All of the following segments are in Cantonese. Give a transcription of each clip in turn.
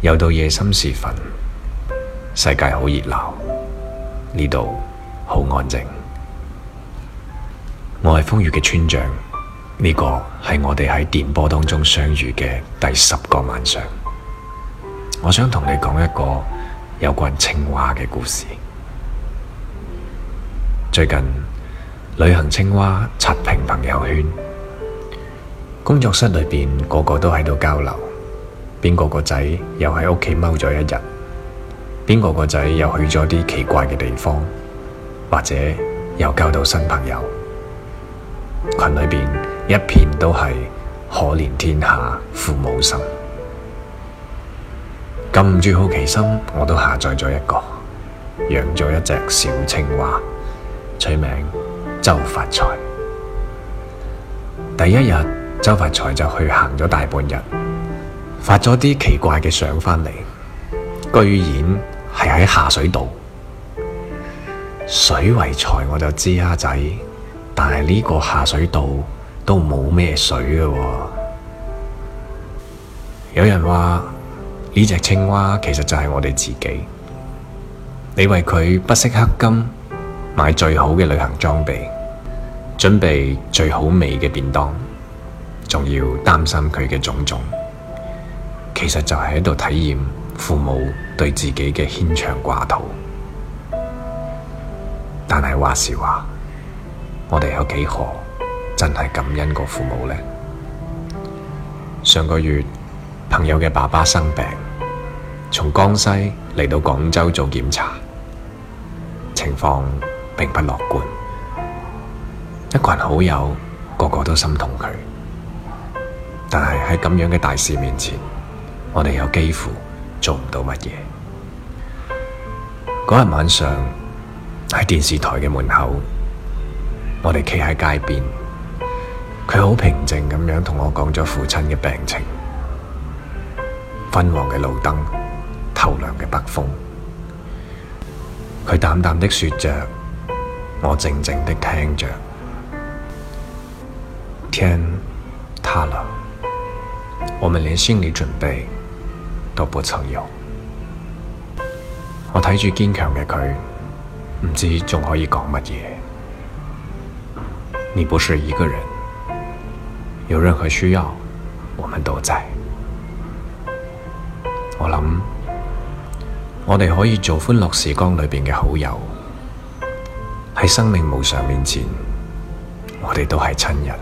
又到夜深時分，世界好熱鬧，呢度好安靜。我係瘋粵嘅村長，呢個係我哋喺電波當中相遇嘅第十個晚上。我想同你講一個有關青蛙嘅故事。最近旅行青蛙刷屏朋友圈，工作室裏邊個個都喺度交流。邊個個仔又喺屋企踎咗一日？邊個個仔又去咗啲奇怪嘅地方，或者又交到新朋友？群裏邊一片都係可憐天下父母心。禁唔住好奇心，我都下載咗一個，養咗一隻小青蛙，取名周發財。第一日，周發財就去行咗大半日。發咗啲奇怪嘅相返嚟，居然係喺下水道。水為財，我就知啊仔，但係呢個下水道都冇咩水㗎喎。有人話呢隻青蛙其實就係我哋自己。你為佢不惜氪金買最好嘅旅行裝備，準備最好味嘅便當，仲要擔心佢嘅種種。其實就係喺度體驗父母對自己嘅牽腸掛肚。但係話時話，我哋有幾何真係感恩過父母呢？上個月朋友嘅爸爸生病，從江西嚟到廣州做檢查，情況並不樂觀。一群好友個個都心痛佢，但係喺咁樣嘅大事面前，我哋又幾乎做唔到乜嘢。嗰日晚上喺電視台嘅門口，我哋企喺街邊，佢好平靜咁樣同我講咗父親嘅病情。昏黃嘅路燈，透涼嘅北風，佢淡淡的說着，我靜靜的聽着。天塌了，我們連心理準備都不曾有。我睇住堅強嘅佢，唔知仲可以講乜嘢。你不是一個人，有任何需要，我們都在。我諗，我哋可以做歡樂時光裏邊嘅好友。喺生命無常面前，我哋都係親人。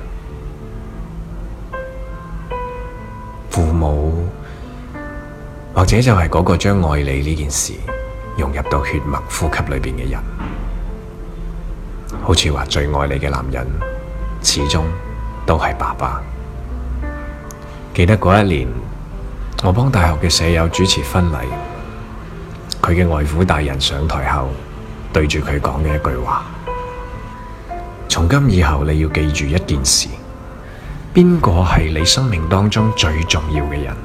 或者就係嗰個將愛你呢件事融入到血脈呼吸裏面嘅人，好似話最愛你嘅男人，始終都係爸爸。記得嗰一年，我幫大學嘅舍友主持婚禮，佢嘅外父大人上台後，對住佢講嘅一句話：從今以後你要記住一件事，邊個係你生命當中最重要嘅人？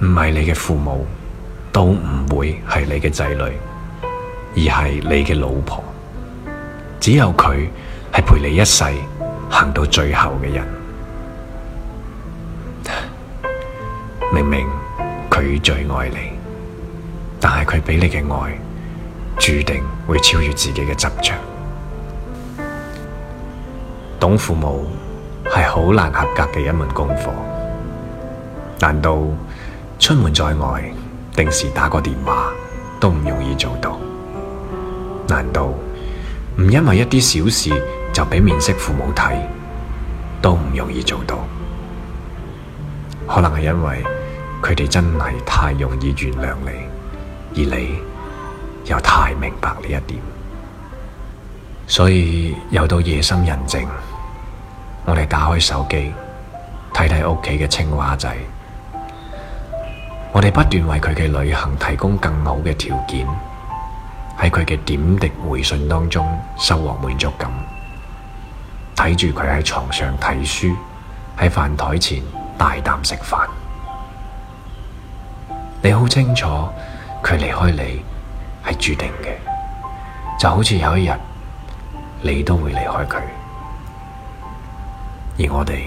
唔係你嘅父母，都唔會係你嘅仔女，而係你嘅老婆。只有佢係陪你一世，行到最後嘅人。明明佢最愛你，但係佢俾你嘅愛，注定會超越自己嘅執着。懂父母係好難合格嘅一門功課，難到，出門在外，定時打個電話都唔容易做到。難道唔因為一啲小事就俾面色父母睇，都唔容易做到。可能係因為佢哋真係太容易原諒你，而你又太明白呢一點。所以又到夜深人靜，我哋打開手機睇睇屋企嘅青蛙仔。我哋不斷為佢嘅旅行提供更好嘅條件，喺佢嘅點滴回信當中收穫滿足感，睇住佢喺床上睇書，喺飯枱前大啖食飯。你好清楚，佢離開你係注定嘅，就好似有一日你都會離開佢，而我哋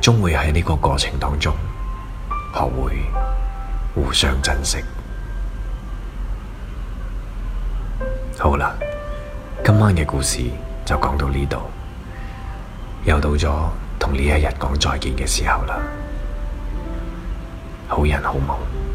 終會喺呢個過程當中學會。互相珍惜。好啦，今晚嘅故事就講到呢度，又到咗同呢一日講再見嘅時候啦。好人好夢。